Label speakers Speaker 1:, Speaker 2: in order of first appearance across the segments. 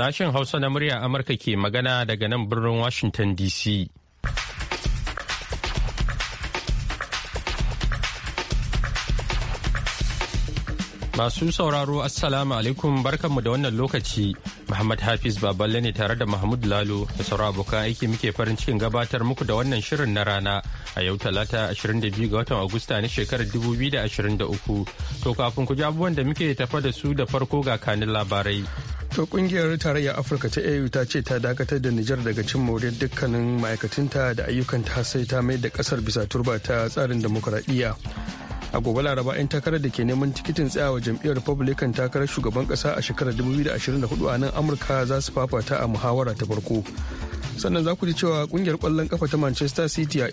Speaker 1: Sashen Hausa na murya Amurka ke magana daga nan birnin Washington DC. Masu sauraro Assalamu alaikum barkanmu da wannan lokaci. Muhammad Hafiz Baballe ne tare da Mahmud Lalo da sauran abokan aiki muke farin cikin gabatar muku da wannan shirin na rana a yau talata 22 ga watan Agusta na shekarar 2023. To kafin ku ji abubuwan da muke tafa da su da farko ga kanin labarai. To
Speaker 2: kungiyar tarayyar Afirka ta AU ta ce ta dakatar da Nijar daga cin moriyar dukkanin ma'aikatanta da ayyukanta har sai ta mai da kasar bisa turba ta tsarin demokuraɗiyya. A gobe Laraba 'yan takarar da ke neman tikitin tsayawa jam'iyyar Republican takarar shugaban kasa a shekarar 2024 a nan Amurka za su fafata a muhawara ta farko. Sannan za ku ji cewa kungiyar kwallon kafa ta Manchester City a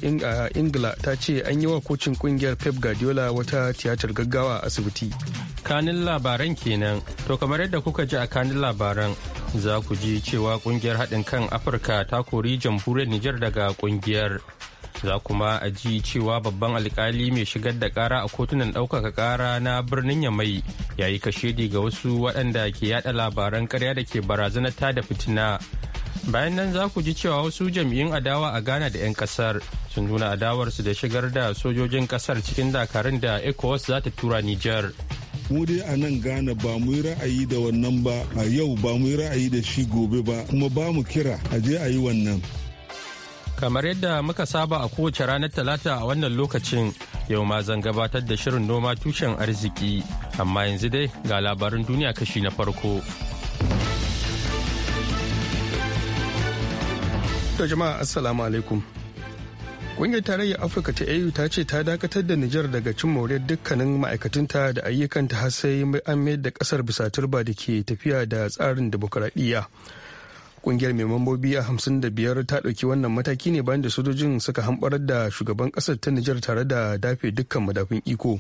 Speaker 2: Ingila ta ce an yi wa kocin kungiyar Pep Guardiola wata tiyatar
Speaker 1: gaggawa a asibiti. kanin labaran kenan to kamar yadda kuka ji a kanin labaran za ku ji cewa kungiyar haɗin kan afirka ta kori jamhuriyar nijar daga kungiyar za kuma a ji cewa babban alkali mai shigar da kara a kotunan ɗaukaka kara na birnin yamai ya yi kashedi ga wasu waɗanda ke yada labaran karya da ke barazanar ta da fitina bayan nan za ku ji cewa wasu jam'iyyun adawa a ghana da 'yan kasar sun nuna adawarsu da shigar da sojojin kasar cikin dakarun da ecowas za ta tura nijar
Speaker 3: mu dai a nan ghana ba mu yi ra'ayi da wannan ba a yau ba mu yi ra'ayi da shi gobe ba kuma ba mu kira a je a yi wannan
Speaker 1: kamar yadda muka saba a kowace ranar talata a wannan lokacin yau ma zan gabatar da shirin noma tushen arziki amma yanzu dai ga labarin duniya kashi na farko
Speaker 2: to jama'a assalamu alaikum Ƙungiyar Tarayyar Afirka ta AU ta ce ta dakatar da Nijar daga cin moriyar dukkanin ma'aikatanta da ayyukanta har sai an mayar da kasar bisa turba da ke tafiya da tsarin demokuraɗiyya. kungiyar mai mambobi a hamsin da biyar ta ɗauki wannan mataki ne bayan da sojojin suka hamɓarar da shugaban kasar ta Nijar tare da dafe dukkan madafin iko.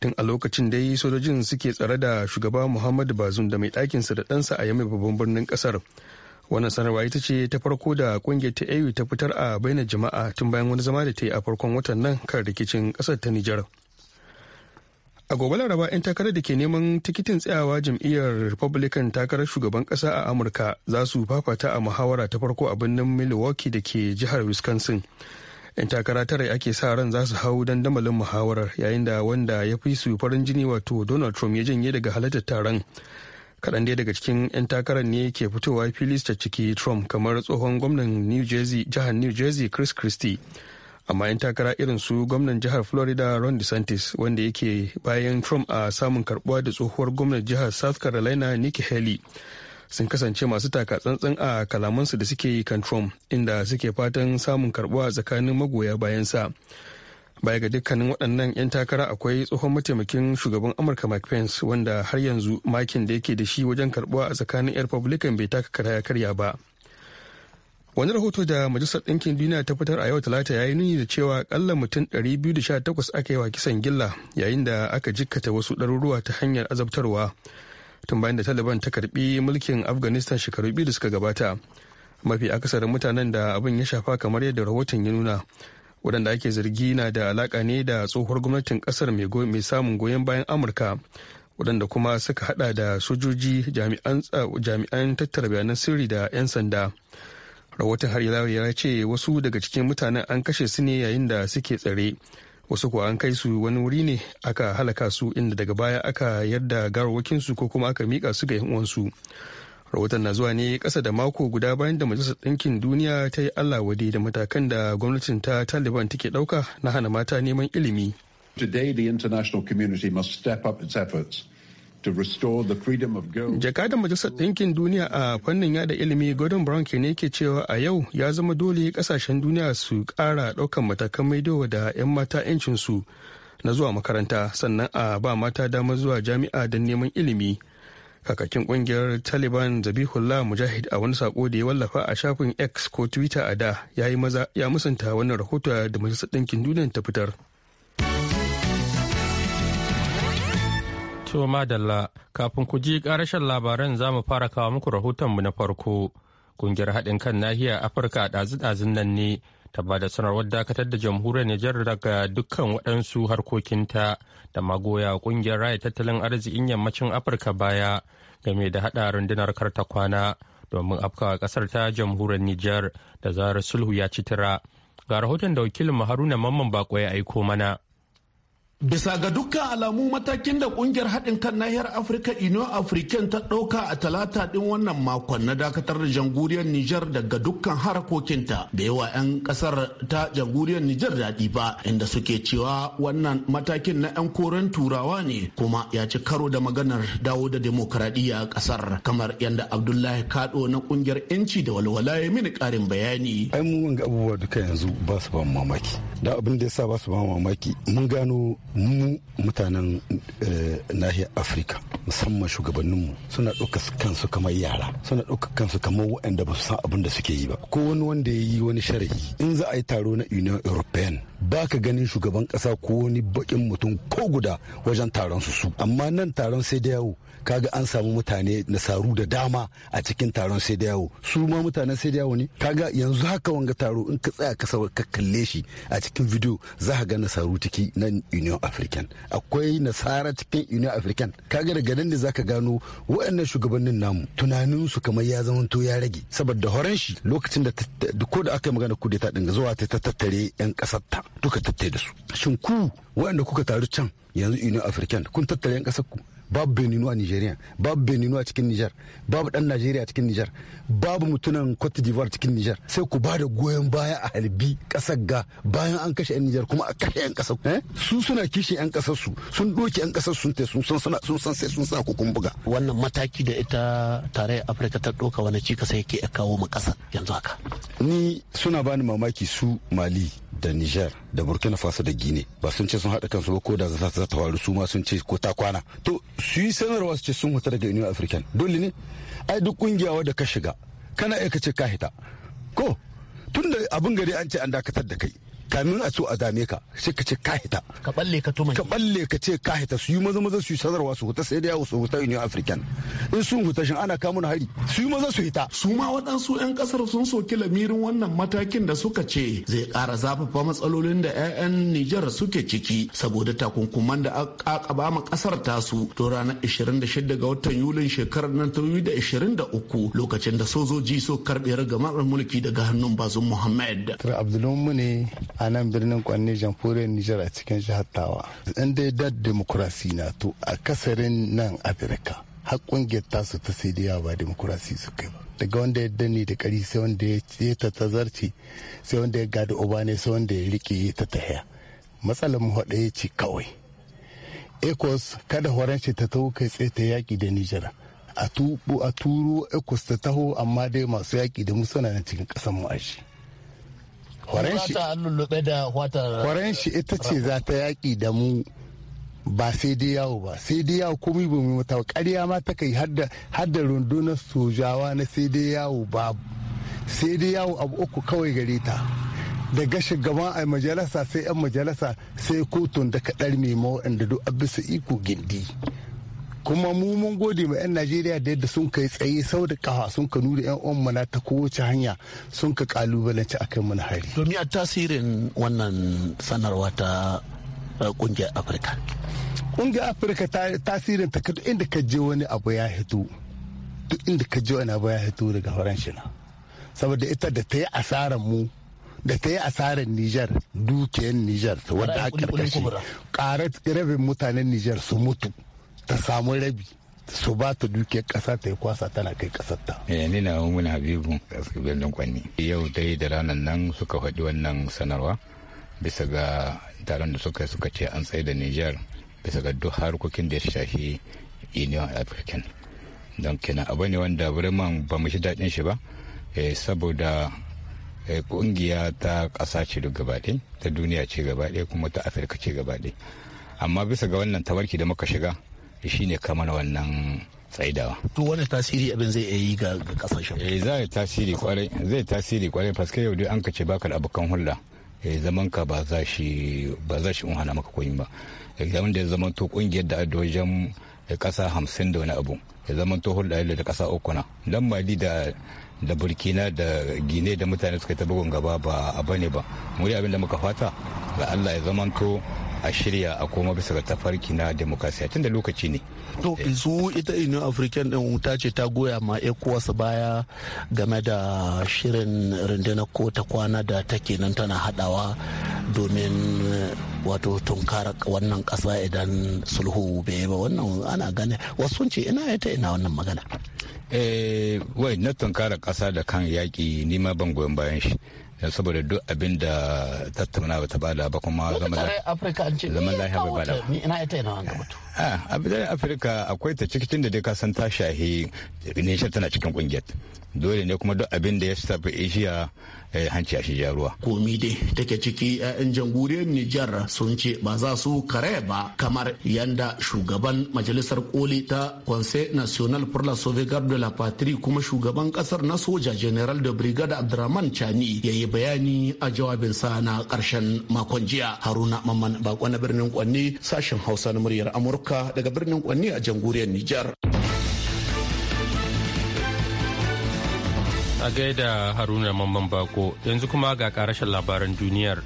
Speaker 2: Tun a lokacin dai sojojin suke tsare da shugaba Muhammadu Bazum da mai ɗakinsa da ɗansa a yamai babban birnin ƙasar. wannan sanarwa ita ce ta farko da kungiyar ta au ta fitar a bainar jama'a tun bayan wani zama da ta yi a farkon watan nan kan rikicin kasar ta nijar a gobe laraba 'yan takarar da ke neman tikitin tsayawa jam'iyyar republican takarar shugaban kasa a amurka za su fafata a muhawara ta farko a birnin milwaukee da ke jihar wisconsin 'yan takara tare ake sa ran za su hau dandamalin muhawarar yayin da wanda ya fi su farin jini wato donald trump ya janye daga halartar taron kaɗan dai daga cikin 'yan takarar ne ke fitowa fili ta ciki trump kamar tsohon gwamnan new jersey jihar new jersey chris christie amma 'yan takara irin su gwamnan jihar florida ron desantis wanda yake bayan trump a samun karbuwa da tsohuwar gwamnan jihar south carolina nikki haley sun kasance masu taka tsantsan a kalamansu da suke yi kan trump inda suke fatan samun karbuwa tsakanin magoya bayansa. sa baya ga dukkanin waɗannan 'yan takara akwai tsohon mataimakin shugaban amurka mike pence wanda har yanzu makin da yake da shi wajen karbuwa a tsakanin 'yan republican bai taka kara ya karya ba wani rahoto da majalisar ɗinkin duniya ta fitar a yau talata ya yi nuni da cewa ƙalla mutum 218 aka yi wa kisan gilla yayin da aka jikkata wasu ɗaruruwa ta hanyar azabtarwa tun bayan da taliban ta karbi mulkin afghanistan shekaru biyu da suka gabata mafi akasarin mutanen da abin ya shafa kamar yadda rahoton ya nuna waɗanda ake zargi na da alaka ne da tsohuwar gwamnatin ƙasar mai samun goyon bayan amurka waɗanda kuma suka hada da sojoji jami'an tattara bayanan sirri da 'yan sanda rahoton har ya ce wasu daga cikin mutanen an kashe su ne yayin da suke tsare wasu kuwa an kai su wani wuri ne aka halaka su inda daga baya aka yarda garwakinsu ko kuma aka mika su ga 'yan uwansu. rahoton na zuwa ne kasa da mako guda bayan da majalisar ɗinkin duniya ta yi allah wade da matakan da gwamnatin ta taliban take ɗauka na hana mata neman ilimi Today, the international community must step up its efforts
Speaker 4: Jakadan
Speaker 2: Majalisar Ɗinkin Duniya a fannin yada ilimi Gordon Brown ke ne ke cewa a yau ya zama dole kasashen duniya su kara ɗaukan matakan maidowa da 'yan mata 'yancinsu na zuwa makaranta sannan a ba mata damar zuwa jami'a don neman ilimi. kakakin kungiyar taliban zabihullah mujahid a wani sako da ya wallafa a shafin x ko twitter a da ya yi maza ya musanta wannan rahoto da majalisar ɗinkin duniya ta fitar
Speaker 1: to madalla kafin ku ji karashin labaran za mu fara kawo muku rahotonmu na farko kungiyar haɗin kan nahiyar afirka a ɗazu-ɗazun nan ne ta ba da sanarwar dakatar da jamhuriyar Nijar daga dukkan waɗansu harkokinta da magoya ƙungiyar raya tattalin arzikin yammacin Afirka baya game da haɗa rundunar karta kwana domin afkawa ƙasar ta jamhuriyar Nijar da zarar sulhu ya ci tira. Ga rahoton da wakilin Haruna Mamman Bako ya aiko mana.
Speaker 5: Bisa ga dukkan alamu matakin da kungiyar haɗin kan nahiyar Afirka Ino African ta ɗauka a talata ɗin wannan makon na dakatar da janguriyar Nijar daga dukkan harakokinta da yawa 'yan ƙasar ta jamhuriyar Nijar daɗi ba inda suke cewa wannan matakin na 'yan koren turawa ne kuma ya ci karo da maganar dawo da demokaradiyya a ƙasar kamar yadda Abdullahi Kado na kungiyar 'yanci da walwala ya mini ƙarin bayani. Ai
Speaker 3: mun ga abubuwa duka yanzu ba su ba mamaki. Da abin da ya sa ba su ba mamaki mun gano mu mutanen eh, nahiyar afirka musamman shugabanninmu suna ɗauka kansu kamar yara suna ɗauka kansu kamar waɗanda ba su san abin da suke yi ba ko wani wanda ya yi wani sharhi. in za a yi taro na union european ba ka ganin shugaban ƙasa ko wani baƙin mutum ko guda wajen taron su su amma nan taron sai da yawo kaga an samu mutane nasaru da dama a cikin taron sai da yawo su ma mutanen sai da yawo ne kaga yanzu haka wanga taro in ka tsaya ka kalle shi a cikin video za ka ga nasaru ciki na union african akwai nasara cikin union african kaga daga nan ne zaka gano waɗannan shugabannin namu tunanin su kamar ya zama to ya rage saboda horon shi lokacin da ko da aka yi magana ta dinga zuwa ta tattare yan kasar ta duka tattare da su shin ku waɗanda kuka taru can yanzu union african kun tattare yan kasar ku babu beninu a nigeria babu beninu a cikin niger babu dan nigeria a cikin niger babu mutunan cote d'ivoire cikin niger sai ku ba da goyon baya a halbi kasar ga bayan an kashe yan niger kuma a kashe yan kasar eh? su suna kishin yan kasar su sun
Speaker 5: doke yan kasar sun te sun san sai sun sa ku kun buga wannan mataki da ita tare afirka ta doka wani cika sai yake kawo mu kasa yanzu haka
Speaker 3: ni suna bani mamaki su mali da niger da burkina faso da guinea ba sun ce sun haɗa kansu ba ko da za ta faru su ma sun ce ko ta kwana to su yi sanarwa su ce sun huta daga union african dole ne ai duk kungiya wadda ka shiga kana aikace ka hita ko tunda abin gari an ce an dakatar da kai kamin a so a dame ka sai ka ce kahita ka balle ka tumani ka balle ka ce kahita su yi maza maza su yi sadarwa su huta sai da yawo su huta union african in sun huta shin ana na hari su yi maza su hita su ma waɗansu 'yan ƙasar sun soki lamirin wannan matakin da suka ce zai
Speaker 5: ƙara zafafa matsalolin da 'ya'yan nijar suke ciki saboda takunkuman da aka ba ma ƙasar tasu to ranar 26 ga watan yulin shekarar nan ta 2023 lokacin da sojoji so karɓe ragamar mulki daga hannun bazum muhammad. Abdulmumin
Speaker 6: ne a nan birnin kwanne jamhuriyar nijar a cikin jihar tawa in dai da demokrasi na to a kasarin nan afirka har kungiyar tasu ta sai da ba demokrasi su kai ba daga wanda ya danne da kari sai wanda ya ta tazarci sai wanda ya gada uba ne sai wanda ya rike ya ta tahiya matsalar mu ya ce kawai ecos kada horanci ta taho kai tsaye ta yaki da nijar a turo ecos ta taho amma dai masu yaki da mu suna cikin kasan mu aji
Speaker 5: kwaren shi ita
Speaker 6: ce za ta yaƙi da mu ba sai dai yawo ba sai dai yawo komai ba mai mata ƙarya ma ta kai har da rundunar sojawa na sai dai yawo ba sai dai yawo abu uku kawai gare ta daga shugaban a majalisa sai 'yan majalisa sai kotun da kaɗar mai waɗanda duk bisa iko gindi kuma mu mun gode ma 'yan najeriya da yadda sun kai tsaye sau da kafa sun ka nuna 'yan uwan mana ta kowace hanya sun ka kalubalanci a mun hari
Speaker 5: domin a tasirin wannan sanarwa ta kungiyar eh, afirka kungiyar afirka tasirin ta inda ka je wani abu ya hito duk inda ka je
Speaker 6: wani abu ya hito daga faranshi na saboda ita da ta yi asarar mu da ta yi asarar Nijar dukiyar Nijar wadda a karkashi karar rabin mutanen Nijar su mutu ta samu rabi su ba ta duke ƙasa ta yi kwasa tana kai ƙasar
Speaker 7: ta. Eh, ni na muna habibu a tsibirin kwanni yau dai da ranar nan suka faɗi wannan sanarwa bisa ga taron da suka suka ce an tsaye da niger bisa ga duk harkokin da ya shafi union african don kina abu ne wanda birman ba mu shi daɗin shi ba eh, saboda eh, ƙungiya ta ƙasa ce duk gabaɗe ta duniya ce gabaɗe kuma ta afirka ce gabaɗe amma bisa ga wannan tawarki da muka shiga ne kamar wannan tsaidawa. To wani tasiri abin zai iya yi ga kasashen? Eh zai tasiri kwarai zai tasiri kwarai faske yau dai an ka ce baka da abokan hulɗa. Eh zaman ka ba za shi ba za shi unhana maka koyin ba. Examen eh, da ya zama to kungiyar da da kasa eh, hamsin da wani abu. Ya zaman to hulɗa da kasa uku na. Dan Mali da da burkina da gine da mutane suka ta bugun gaba ba a bane ba muri abin da muka fata ga allah ya to a shirya a koma bisa ga tafarki na demokrasiya tun da lokaci ne to eh. su ita union african din ta ce ta goya ma ecowas
Speaker 5: baya game da shirin rundunar ko ta kwana da take nan tana hadawa domin eh, wato tunkar wannan kasa idan sulhu bai ba wannan ana gane wasu sun ce ina ita ina wannan magana
Speaker 7: eh wai na tunkara kasa da kan yaƙi nima ban goyon bayan shi saboda duk abin da tattauna ba ta bada ba kuma zaman lafiya
Speaker 5: eh, ba bada ba. Ni ina ita yana wanda
Speaker 7: mutu Ah, a bidan afirka akwai ta cikin da dai ka san ta shahi nishar tana cikin kungiyar dole ne kuma duk abin da ya safi asia eh, hanci a shi jaruwa komi dai
Speaker 5: take ciki 'ya'yan jamhuriyar nijar sun ce ba za su kare ba kamar yanda shugaban majalisar koli ta conseil national pour la sauvegarde de la patrie kuma shugaban kasar na soja general da brigade abdurrahman chani ya yi bayani a jawabinsa na karshen makon jiya haruna mamman bakon na birnin kwanne sashen hausa na muryar amurka amurka daga birnin kwanni a jamhuriyar nijar
Speaker 1: a gaida haruna mamman bako yanzu kuma ga karashen labaran duniyar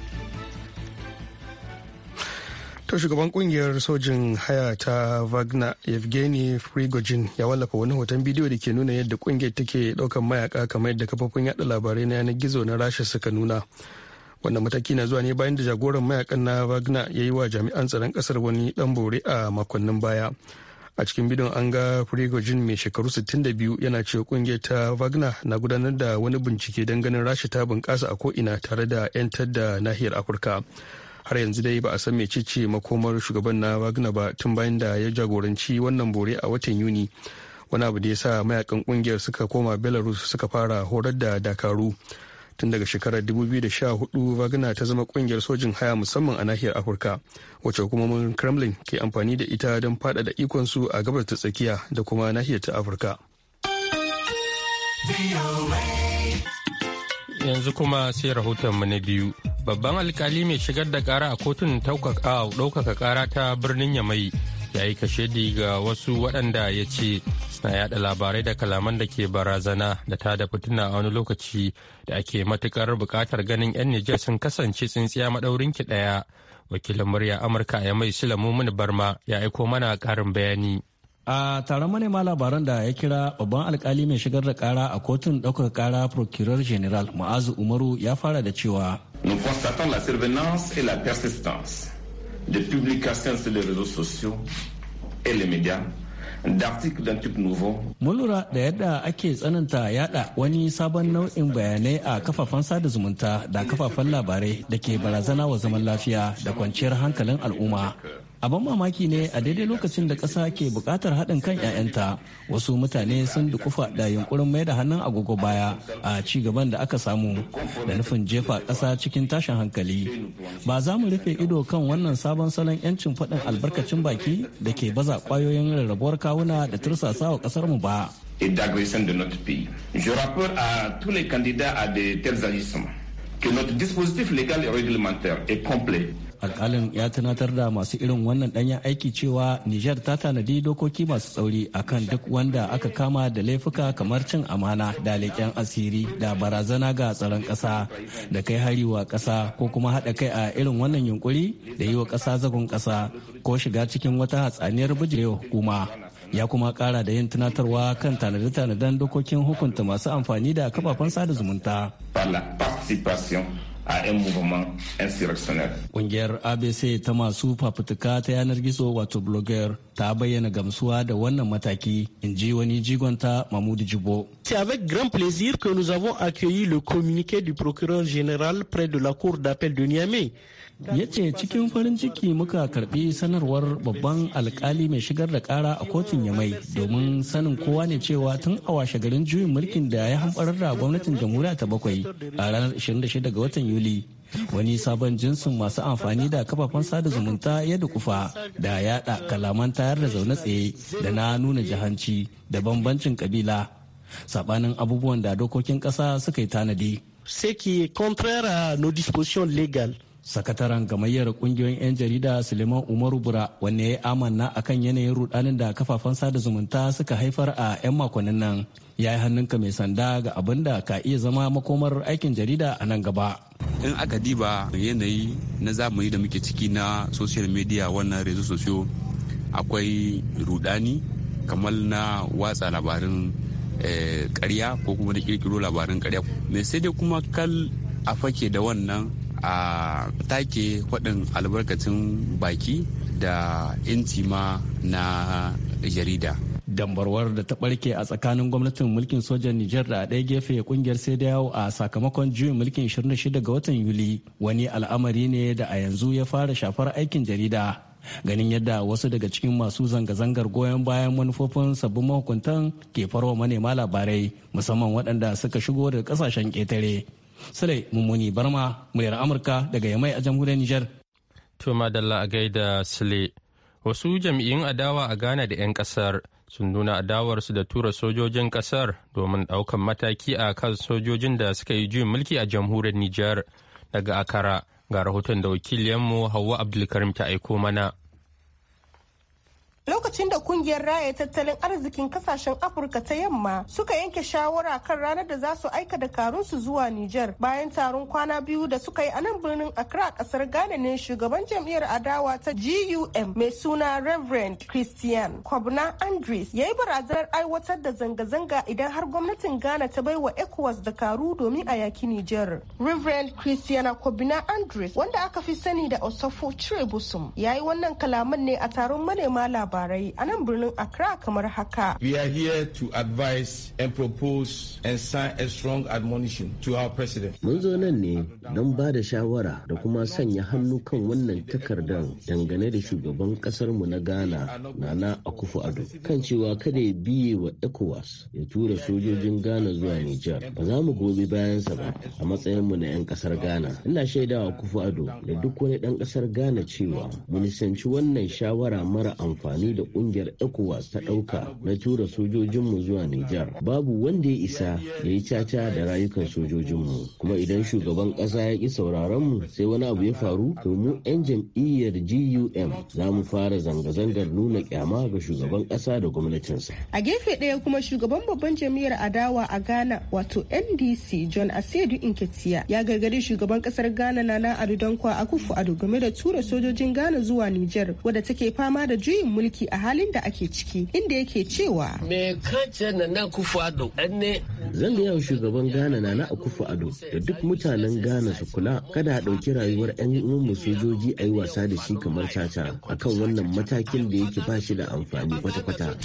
Speaker 2: To shugaban kungiyar sojin haya ta Wagner Yevgeny Prigozhin ya wallafa wani hoton bidiyo da ke nuna yadda kungiyar take daukan mayaka kamar yadda kafofin yada labarai na yanar gizo na Rasha suka nuna. wannan mataki na zuwa ne bayan da jagoran mayakan na wagner ya yi wa jami'an tsaron kasar wani dan bore a makonnin baya a cikin bidon an ga prigozhin mai shekaru 62 yana cewa kungiyar ta wagner na gudanar da wani bincike don ganin rasha ta bunkasa a ko'ina tare da yan tadda nahiyar afirka har yanzu dai ba a san mecece makomar shugaban na wagner ba tun bayan da ya jagoranci wannan bore a watan yuni wani abu da ya sa mayakan kungiyar suka koma belarus suka fara horar da dakaru tun daga shekarar 2014 wagner ta zama kungiyar sojin haya musamman a nahiyar afirka wacce hukumomin kremlin ke amfani da
Speaker 1: ita don faɗaɗa
Speaker 2: su a gabar ta tsakiya da kuma nahiyar ta afirka
Speaker 1: yanzu kuma sai rahotonmu na biyu babban alkali mai shigar da kara a kotun ɗaukaka kara ta birnin yamai ya yi kashedi ga wasu waɗanda ya ce suna yada labarai da kalaman da ke barazana da ta da fituna a wani lokaci da ake matukar buƙatar ganin 'yan Nijar sun kasance tsintsiya maɗaurin ki ɗaya. Wakilin murya Amurka ya mai Sulamu Barma ya aiko mana ƙarin bayani.
Speaker 8: a taron manema labaran da ya kira babban alkali mai shigar da kara a kotun ɗaukar kara procureur general ma'azu umaru ya fara da cewa
Speaker 9: nous constatons la surveillance et la persistance de publication sur les réseaux sociaux et les médias
Speaker 8: Mun lura da yadda ake tsananta yada wani sabon nau'in bayanai a kafafen sada zumunta da kafafen labarai da ke barazana wa zaman lafiya da kwanciyar hankalin al'umma abin mamaki ne a daidai lokacin da ƙasa ke buƙatar haɗin kan 'ya'yanta wasu mutane sun dukufa da yunkurin mai da hannun agogo baya a ci gaban da aka samu da nufin jefa ƙasa cikin tashin hankali ba za mu rufe ido kan wannan sabon salon 'yancin faɗin albarkacin baki da ke baza ƙwayoyin rarrabuwar kawuna da tursasa wa ƙasarmu ba
Speaker 9: et d'agression de notre pays. Je rappelle à tous les candidats à de tels agissements que notre dispositif légal et réglementaire est complet
Speaker 8: alkalin ya tunatar da masu irin wannan danya aiki cewa nijar ta tanadi dokoki masu tsauri akan duk wanda aka kama da laifuka kamar cin amana da leƙen asiri da barazana ga tsaron ƙasa da kai hari wa ƙasa ko kuma haɗa kai a irin wannan yunkuri da yi wa ƙasa zagon ƙasa ko shiga cikin wata hatsaniyar bijirewa hukuma ya kuma kara da yin tunatarwa kan tanade-tanaden dokokin hukunta masu amfani da kafafen sada zumunta.
Speaker 9: a 'yan mugamman 'yan sirarsanar.
Speaker 8: Ƙungiyar ABC ta masu fafutuka ta yanar gizo wato blogger ta bayyana gamsuwa da wannan mataki in ji wani jigonta Mamudu Jibo.
Speaker 5: C'est avec grand plaisir que nous avons accueilli le communiqué du procureur général près de la cour d'appel de Niamey
Speaker 8: ya ce cikin farin ciki muka karbi sanarwar babban alkali mai shigar da kara a kotun yamai domin sanin kowa ne cewa tun a washe garin juyin mulkin da ya hamɓarar da gwamnatin jamhuriya ta bakwai a ranar 26 ga watan yuli wani sabon jinsin masu amfani da kafafen sada zumunta ya dukufa da yada kalaman tayar da zaune tsaye da na nuna jahanci da bambancin kabila sabanin abubuwan da dokokin kasa suka yi tanadi.
Speaker 5: Ce qui est contraire à
Speaker 8: sakataren gamayyar kungiyoyin 'yan jarida suleiman umaru bura wanne ya amanna a kan yanayin rudanin da kafafen sada zumunta suka haifar a 'yan makonnin nan ya yi hannunka mai sanda ga abin da ka iya zama makomar aikin jarida a nan gaba
Speaker 7: in aka diba yanayi na zamani da muke ciki na social media wannan rezo sosyo akwai rudani kamar na watsa labarin karya eh, ko kuma da kirkiro labarin karya mai sai dai kuma kal a fake da wannan a take kwadin albarkacin baki da inci ma na jarida
Speaker 8: dambarwar da ta barke a tsakanin gwamnatin mulkin sojan Nijar da a ɗaya gefe kungiyar sai da yawo a sakamakon juyin mulkin 26 ga watan Yuli wani al'amari ne da a yanzu ya fara shafar aikin jarida. Ganin yadda wasu daga cikin masu zanga-zangar goyon bayan manufofin sabbin mahukuntan ke farwa manema labarai musamman waɗanda suka shigo daga ƙasashen ƙetare. Sule Mummuni Barma, muryar Amurka daga Yamai a jamhuriyar Nijar.
Speaker 1: To madalla a gaida Sule. Wasu jam'iyyun adawa a Ghana da 'yan ƙasar sun nuna adawarsu da tura sojojin ƙasar domin ɗaukan mataki a kan sojojin da suka yi juyin mulki a jamhuriyar Nijar daga Akara ga rahoton da wakiliyanmu Hauwa Abdulkarim ta aiko mana.
Speaker 10: lokacin da kungiyar raya tattalin arzikin kasashen afirka ta yamma suka yanke shawara kan ranar da za su aika da su zuwa niger bayan taron kwana biyu da suka yi a nan birnin accra a kasar ghana ne shugaban jam'iyyar adawa ta gum mai suna reverend christian kwabna andres ya yi barazanar aiwatar da zanga-zanga idan har gwamnatin ghana ta bai wa ecowas karu domin a yaki niger reverend christian kwabna andres wanda aka fi sani da osofo chirebusum ya yi wannan kalaman ne a taron manema labarai labarai a nan birnin Accra kamar haka.
Speaker 9: We are here to advise and propose and sign a strong admonition to our president. Mun zo nan ne don ba da shawara
Speaker 11: da kuma sanya hannu kan wannan takardar dangane da shugaban kasarmu na Ghana Nana Akufo Ado kan cewa kada ya biye wa ECOWAS ya tura sojojin Ghana zuwa Nijar. Ba za mu gobe bayansa ba a matsayinmu na 'yan kasar Ghana. Ina shaidawa Akufo Ado da duk wani ɗan kasar Ghana cewa mu nisanci wannan shawara mara amfani amfani da kungiyar ECOWAS ta ɗauka na tura sojojinmu zuwa Nijar. Babu wanda ya isa ya yi caca da rayukan sojojinmu. Kuma idan shugaban ƙasa ya ƙi sauraronmu sai wani abu ya faru to mu 'yan jam'iyyar GUM za mu fara zanga-zangar nuna kyama ga shugaban ƙasa da gwamnatinsa.
Speaker 10: A gefe ɗaya kuma shugaban babban jam'iyyar adawa a Ghana wato NDC John Asedu Inketia ya gargadi shugaban ƙasar Ghana Nana Ado Dankwa Akufo Ado game da tura sojojin Ghana zuwa Nijar wadda take fama da juyin mulki mulki a halin da ake ciki inda yake cewa na
Speaker 11: na kufu ado ne zan gaya wa shugaban ghana na na akufu ado da duk mutanen ghana su kula kada a ɗauki rayuwar 'yan mu sojoji a yi wasa da shi kamar caca akan wannan matakin da yake ba shi da amfani kwata-kwata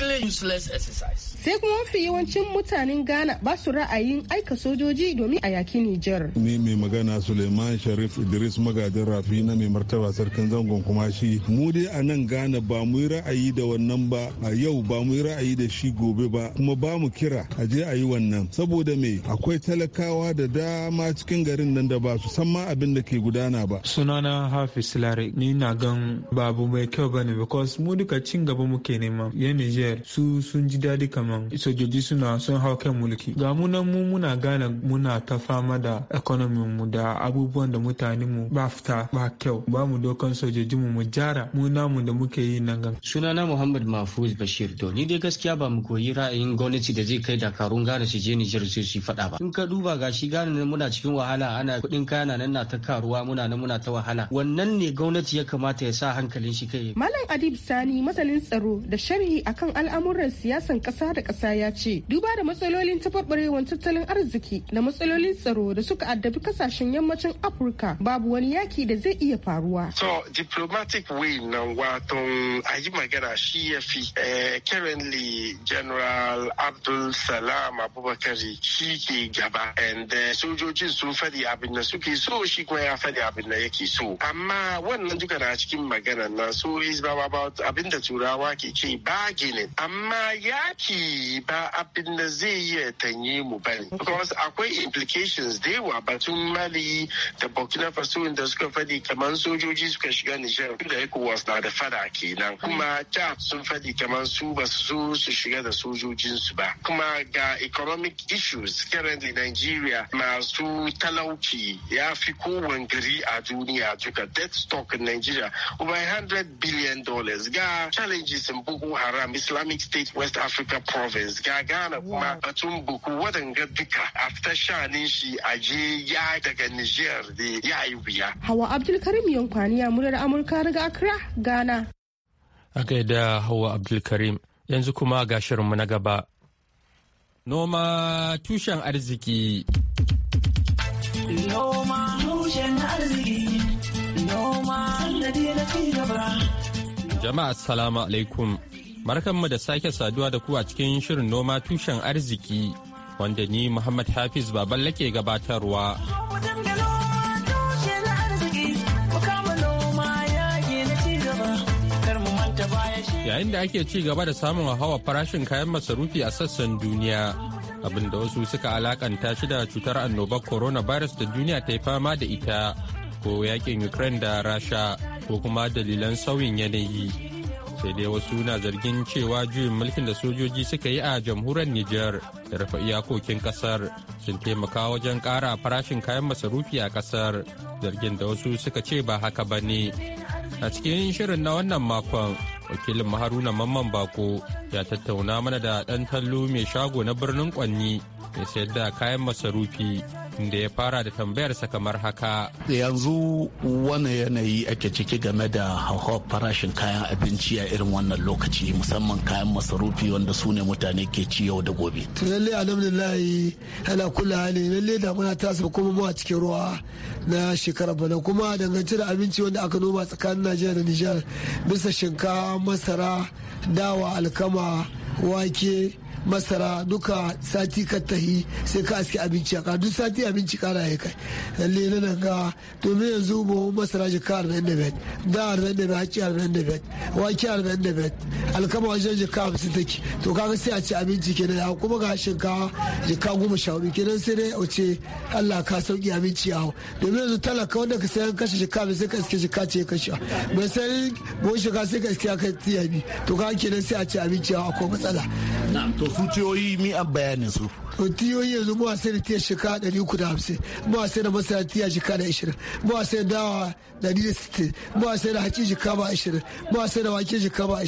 Speaker 10: sai kuma mafi yawancin mutanen ghana ba su ra'ayin aika sojoji domin a yaki nijar
Speaker 3: ni mai magana suleiman sharif idris magajin rafi na mai martaba sarkin zangon kuma shi mu dai a nan ghana ba mu yi ra'ayi ra'ayi da wannan ba a yau ba mu yi ra'ayi da shi gobe ba kuma ba mu kira a je a yi wannan saboda me akwai talakawa da dama cikin garin nan da ba su san ma abin da ke gudana
Speaker 1: ba sunana hafiz lare ni na gan babu mai kyau bane because mu duka cin gaba muke nema ya niger su sun ji dadi kaman sojoji suna sun hau kan mulki ga
Speaker 9: mu nan mu muna gane muna ta fama da economy mu da abubuwan da mutane mu
Speaker 1: ba fita ba kyau ba mu dokan sojoji mu mu jara mu namu da muke yi nan gan
Speaker 9: sunana
Speaker 8: Muhammad Mahfuz Bashir to ni dai gaskiya ba mu koyi ra'ayin gwamnati da zai kai Dakarun gane su je Nijar su su faɗa ba. In ka duba ga shi gane nan muna cikin wahala ana kuɗin kaya nan na ta karuwa muna nan muna ta wahala. Wannan ne gwamnati ya kamata ya sa hankalin shi kai.
Speaker 10: Malam Adib Sani masanin tsaro da sharhi akan al'amuran siyasan kasa da ƙasa ya ce duba da matsalolin taɓarɓarewar tattalin arziki da matsalolin tsaro da suka addabi kasashen yammacin Afirka babu wani yaki da zai iya faruwa.
Speaker 4: So diplomatic way nan wato a yi magana magana shi ya fi eh, currently general abdul salam abubakar shi ke gaba and eh, sojojin sun fadi abin da suke so shi kuma ya fadi abin da yake so amma wannan duka na cikin magana na so is about abin da turawa ke ce baginin amma yaki ba abin da zai iya tanye mu bane because akwai implications da yawa batun mali da burkina faso da suka fadi kamar sojoji suka shiga nijar da ecowas na da fada kenan kuma ta sun faɗi kamar su ba su su shiga da sojojinsu ba kuma ga economic issues currently Nigeria masu talauci ya fi kowane gari a duniya duka death stock in Nigeria over 100 billion dollars ga challenges in Boko Haram Islamic State West Africa province ga Ghana kuma batun buku wadanga duka after shanin shi aje ya daga Niger da ya yi wuya.
Speaker 10: Hawa Abdulkarim Yankwani ya murar Amurka daga Accra, Ghana.
Speaker 1: a gaida Hauwa Abdulkarim yanzu kuma ga shirinmu na gaba. Noma tushen arziki.
Speaker 8: Noma tushen arziki. Noma
Speaker 1: Jama'a salamu alaikum. Barkanmu da sake saduwa da ku a cikin shirin noma tushen arziki wanda ni Muhammad Hafiz ke gabatarwa. yayin da ake ci gaba da samun hawa farashin kayan masarufi a sassan duniya abin da wasu suka alakanta shi da cutar annobar virus da duniya ta yi fama da ita ko yakin ukraine da rasha ko kuma dalilan sauyin yanayi sai dai wasu na zargin cewa juyin mulkin da sojoji suka yi a jamhuriyar niger da rufe iyakokin kasar sun taimaka wajen ƙara farashin kayan masarufi a kasar zargin da wasu suka ce ba haka ba ne a cikin shirin na wannan makon wakilin maharuna mamman bako ya tattauna mana da ɗan tallo mai shago na birnin kwanni mai sayar da kayan masarufi inda ya fara da tambayarsa kamar haka.
Speaker 2: Yanzu
Speaker 5: wani yanayi ake ciki game da hauhawar farashin kayan abinci a irin wannan lokaci musamman kayan masarufi wanda su ne mutane ke ci yau da gobe.
Speaker 12: To lalle alhamdulillahi ala kulli hali lalle da muna tasa kuma mu a cikin ruwa na shekarar bana kuma dangance da abinci wanda aka noma tsakanin Najeriya da Nijar bisa shinkafa masara dawa alkama wake masara duka sati ka tahi sai ka aske abinci a duk sati abinci kara ya kai lalle na nan ga domin yanzu mu masara jika 45 da 45 waki 45 wake bet alkama wajen jika 50 take to kaga sai a ci abinci kenan ya kuma ga shinkawa jika goma sha hudu kenan sai dai a ce Allah ka sauki abinci a domin yanzu talaka wanda ka sayan kashe jika bai sai ka iske jika ce ka sha bai sai bo shiga sai ka iske ka tiya bi to kaga kenan sai a ci abinci a akwai matsala. to su mi an bayanin su tiyoyi yanzu mu da shika mu da masara shika da mu da dawa mu da shika ba mu da wake shika ba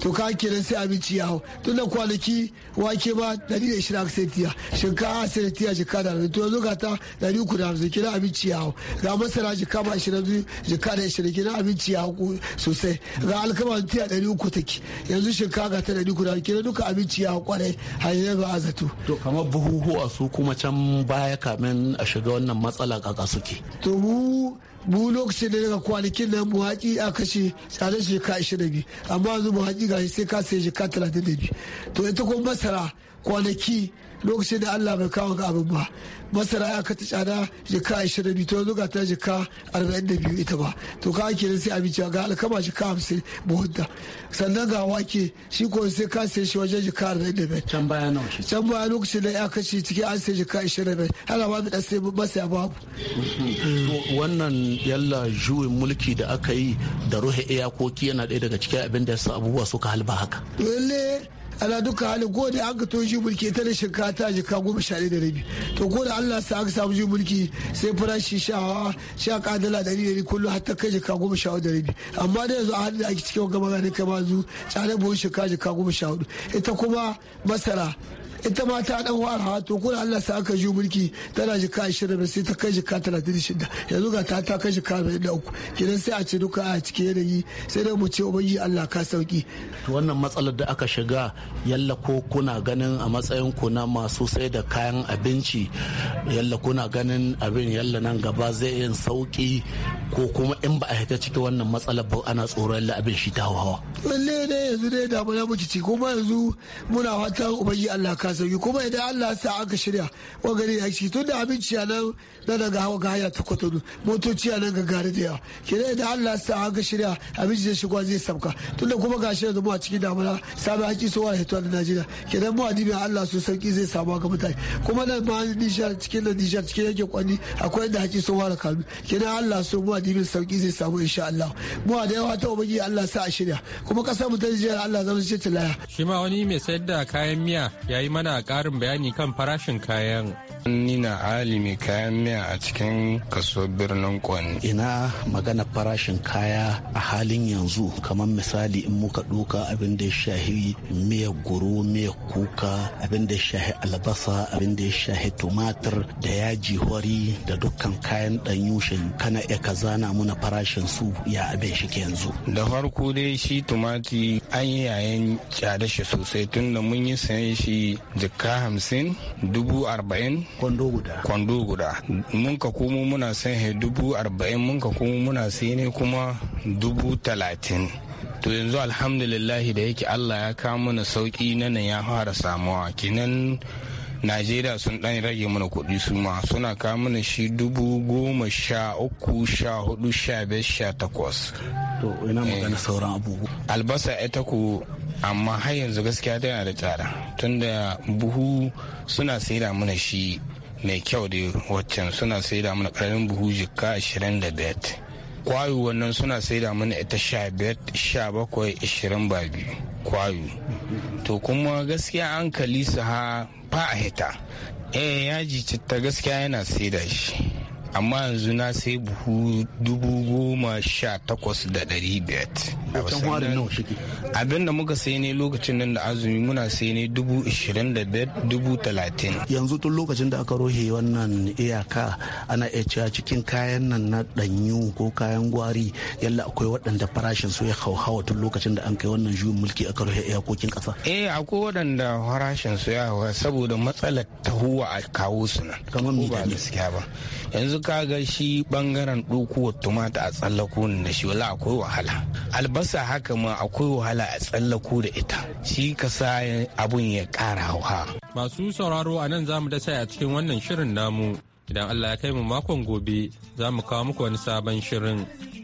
Speaker 12: to ka kenan sai abinci ya hau tun da kwanaki wake ba aka sai da shika da to yanzu ga ta abinci ya hau ga masara shika ba shika da abinci ya hau sosai ga alkama take yanzu ga ta duka abinci ya hau kwarai har ya zo azatu to kamar buhuhuwa
Speaker 5: su kuma can baya kamin a shiga wannan matsala kaka suke
Speaker 12: to mu lokacin da daga kwanakin nan mu haƙi a kashe tsarin shekara 22 amma yanzu mu haƙi ga sai ka sai shekara 32 to ita kuma masara kwanaki lokacin da Allah bai kawo ga abin ba masara ya ta tsada jika 22 to yanzu ga ta jika 42 ita ba to ka ake sai abinci ga alkama jika 50 buhunta sannan ga wake shi ko sai ka sai shi wajen jika 45 can baya nawa shi can baya lokacin da ya kace ciki an sai jika 25 ana ba da sai ba sai babu
Speaker 3: wannan
Speaker 5: yalla juyin mulki da aka yi da ruhe iyakoki yana ɗaya daga cikin abin da ya sa abubuwa suka halba
Speaker 12: haka lalle ala duka hali ko da an ka to shi mulki ita da shekara ta jika goma sha da rabi to ko da Allah sa aka samu shi mulki sai farashi sha sha kadala da dari kullum har ta kai jika goma sha da rabi amma da yanzu a hali da ake cikin gaba ganin kama zu tsarin buhun shekara jika goma sha hudu ita kuma masara ita ma ta dan wara to kuna Allah sa aka ji mulki tana jika 20 sai ta kai jika 36 yanzu ga ta ta kai jika 43 kidan sai a ce duka a cikin yanayi sai dai mu ce ubangi Allah ka sauki to
Speaker 5: wannan matsalar da aka shiga yalla ko kuna ganin a matsayin ku na masu sai da kayan abinci yalla kuna ganin abin yalla nan gaba zai yin sauki ko kuma in ba a hita cikin wannan matsalar ba ana tsoron yalla abin shi ta hawa
Speaker 12: lalle ne yanzu dai da mu ci kuma yanzu muna fatan ubangi Allah ka sauki kuma idan Allah ya sa aka shirya wa gari ya ci tun da abinci a nan na daga hawa ga haya ta kwatano motoci a nan ga gari da yawa kenan idan Allah ya sa aka shirya abinci zai shigo zai sauka tun da kuma gashi yanzu mu a cikin damuna sabon haƙi so da hito na Najeriya kenan mu adibin Allah su sauki zai samu ga mutane kuma nan ma Nijar cikin nan Nijar cikin yake kwani akwai da haƙi wa da kanu kenan Allah so mu adibin sauki zai samu insha Allah mu da yawa ta ubangi Allah sa a shirya kuma kasar mu ta Nijar Allah zama shi ta laya.
Speaker 1: Shi ma wani mai sayar da kayan miya ya yi mana mana karin bayani kan farashin
Speaker 9: kayan. Ni na alimi kayan miya a cikin kaso birnin Kwani. Ina magana farashin kaya a halin yanzu kamar misali in muka ɗoka abin
Speaker 5: da ya shahi miya goro miya kuka abin da ya shahi albasa abin da ya shahi tumatir da yaji hori da dukkan kayan ɗanyushin kana iya ka zana muna farashin su ya abin shi ke yanzu.
Speaker 9: Da farko dai shi tumati an yi yayin shi sosai tun da mun yi sayan shi jikka hamsin dubu arba'in kwando guda kwando guda mun ka kuma muna san he dubu arba'in mun ka kuma muna sai ne kuma dubu talatin to yanzu alhamdulillahi da yake allah ya kawo mana sauki nan ya fara samuwa kenan najeriya sun dan rage mana kuɗi su ma suna kawo mana shi dubu goma sha uku sha hudu sha biyar sha takwas to ina magana eh. sauran abubuwa albasa ita ku amma har yanzu gaskiya tana da tsada tunda buhu suna saida mana shi mai kyau da waccan suna saida mana karamin buhu jikka 25 kwayo wannan suna saida mana ita 15 17 20 ba biyu kwayo to kuma gaskiya an kalisa ha fa a hita eh yaji citta gaskiya yana saida shi amma yanzu na sai buhu dubu goma sha takwas da ɗari biyar abinda muka sai ne lokacin nan da azumi muna sai ne dubu ishirin da biyar dubu talatin yanzu tun
Speaker 5: lokacin da aka rohe wannan iyaka ana iya cewa cikin kayan nan na ɗanyu ko kayan gwari yalla akwai waɗanda farashin su ya hauhawa tun lokacin da an kai wannan juyin mulki aka rohe iyakokin ƙasa
Speaker 9: eh akwai waɗanda farashin su ya hauhawa saboda matsalar tahuwa a kawo su nan kamar ba gaskiya ba yanzu ga shi bangaren dukuwa tumata a tsallako da shi wala akwai wahala albasa haka ma akwai wahala a tsallako da ita shi ka sa abun ya kara hauha
Speaker 1: masu sauraro a nan za mu dasa a cikin wannan shirin namu idan allah ya kai mu makon gobe za mu kawo muku wani sabon shirin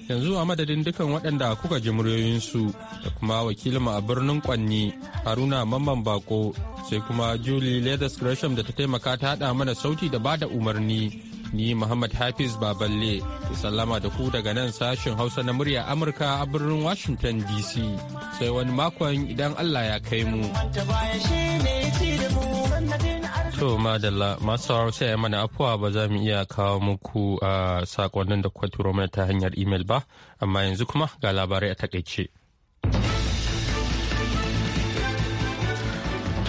Speaker 1: yanzu a madadin dukan waɗanda kuka ji muryoyinsu da kuma wakilin a birnin kwanni haruna mamman bako sai kuma juli leathers gresham da ta taimaka ta haɗa mana sauti da bada umarni Ni Muhammad Hafiz Baballe ke sallama da ku daga nan sashen Hausa na murya Amurka a birnin Washington DC. Sai wani makon idan Allah ya kai mu. To madalla masu sauraro sai mana afuwa ba za mu iya kawo muku a ah, sakonnin da kuka mana ta hanyar imel ba, amma yanzu kuma ga labarai a takaice.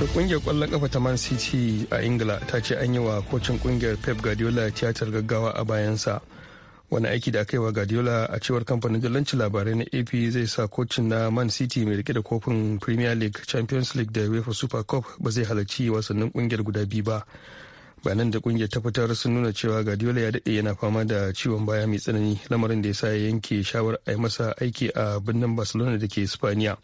Speaker 2: wato kungiyar kwallon kafa ta man city a ingila ta ce an yi wa kocin kungiyar pep guardiola tiyatar gaggawa a bayansa wani aiki da aka yi wa guardiola a cewar kamfanin dalancin labarai na ap zai sa kocin na man city mai rike da kofin premier league champions league da uefa super cup ba zai halarci wasannin kungiyar guda biyu ba bayanan da kungiyar ta fitar sun nuna cewa guardiola ya daɗe yana fama da ciwon baya mai tsanani lamarin da ya sa ya yanke shawar a yi masa aiki a birnin barcelona da ke spaniya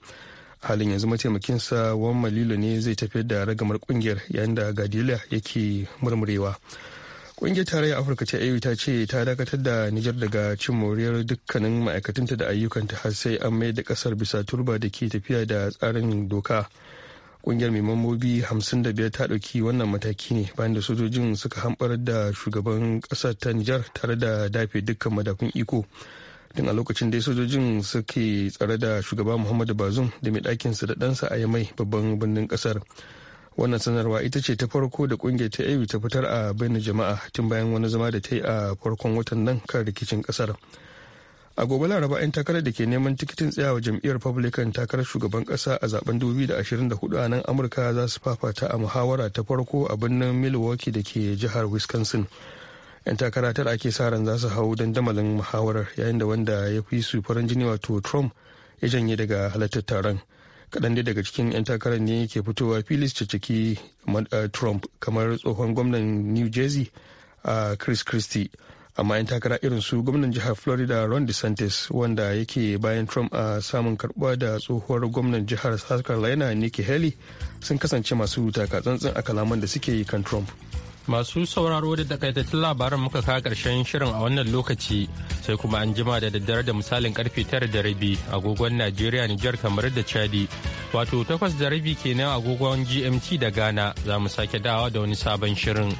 Speaker 2: halin yanzu mataimakinsa wan malilo ne zai tafiyar da ragamar kungiyar yayin da gadila yake murmurewa kungiyar tarayya afirka ta au ta ce ta dakatar da nijar daga cin moriyar dukkanin ma'aikatanta da ayyukanta har sai an mai da kasar bisa turba da ke tafiya da tsarin doka kungiyar mai mambobi 55 ta ɗauki wannan mataki ne bayan da sojojin suka hambar da shugaban ƙasar ta nijar tare da dafe dukkan madafin iko din a lokacin da sojojin suke tsare da shugaba muhammadu bazum da mai ɗakinsa da ɗansa a yamai babban birnin ƙasar wannan sanarwa ita ce ta farko da ƙungiyar ta au ta fitar a bainar jama'a tun bayan wani zama da ta yi a farkon watan nan kan rikicin ƙasar a gobe laraba 'yan takarar da ke neman tikitin tsayawa jam'iyyar republican takarar shugaban ƙasa a zaben 2024 a nan amurka za su fafata a muhawara ta farko a birnin milwaukee da ke jihar wisconsin 'yan takara tara ake sa ran za su hau dandamalin muhawarar yayin da wanda ya fi su farin jini wato trump ya janye daga halartar taron kaɗan dai daga cikin 'yan takarar ne ke fitowa filis ciki eh, trump kamar tsohon gwamnan new jersey a chris christie amma 'yan takara irin su gwamnan jihar florida ron desantis wanda yake bayan trump a samun karɓa da tsohuwar gwamnan jihar south carolina nikki haley sun kasance masu taka tsantsan a kalaman da suke yi kan trump
Speaker 1: Masu sauraro da takaitattun labaran muka kawo ƙarshen shirin a wannan lokaci sai kuma an jima da daddare da misalin karfe tara da rabi agogon Najeriya Nijar kamar da Chadi wato takwas da rabi kenan agogon GMT da Ghana za mu sake dawa da wani sabon shirin.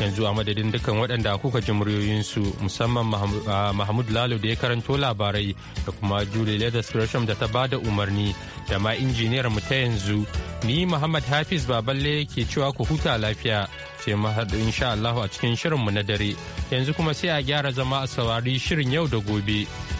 Speaker 1: yanzu a madadin dukkan waɗanda kuka ji muryoyinsu musamman ah, mahmud lalo da ya karanto labarai da kuma julie leathers gresham da ta bada umarni da ma injiniyar mu ta yanzu ni muhammad hafiz baballe ke cewa ku huta lafiya sai mu haɗu insha allahu a cikin shirin mu na dare yanzu kuma sai a gyara zama a saurari shirin yau da gobe.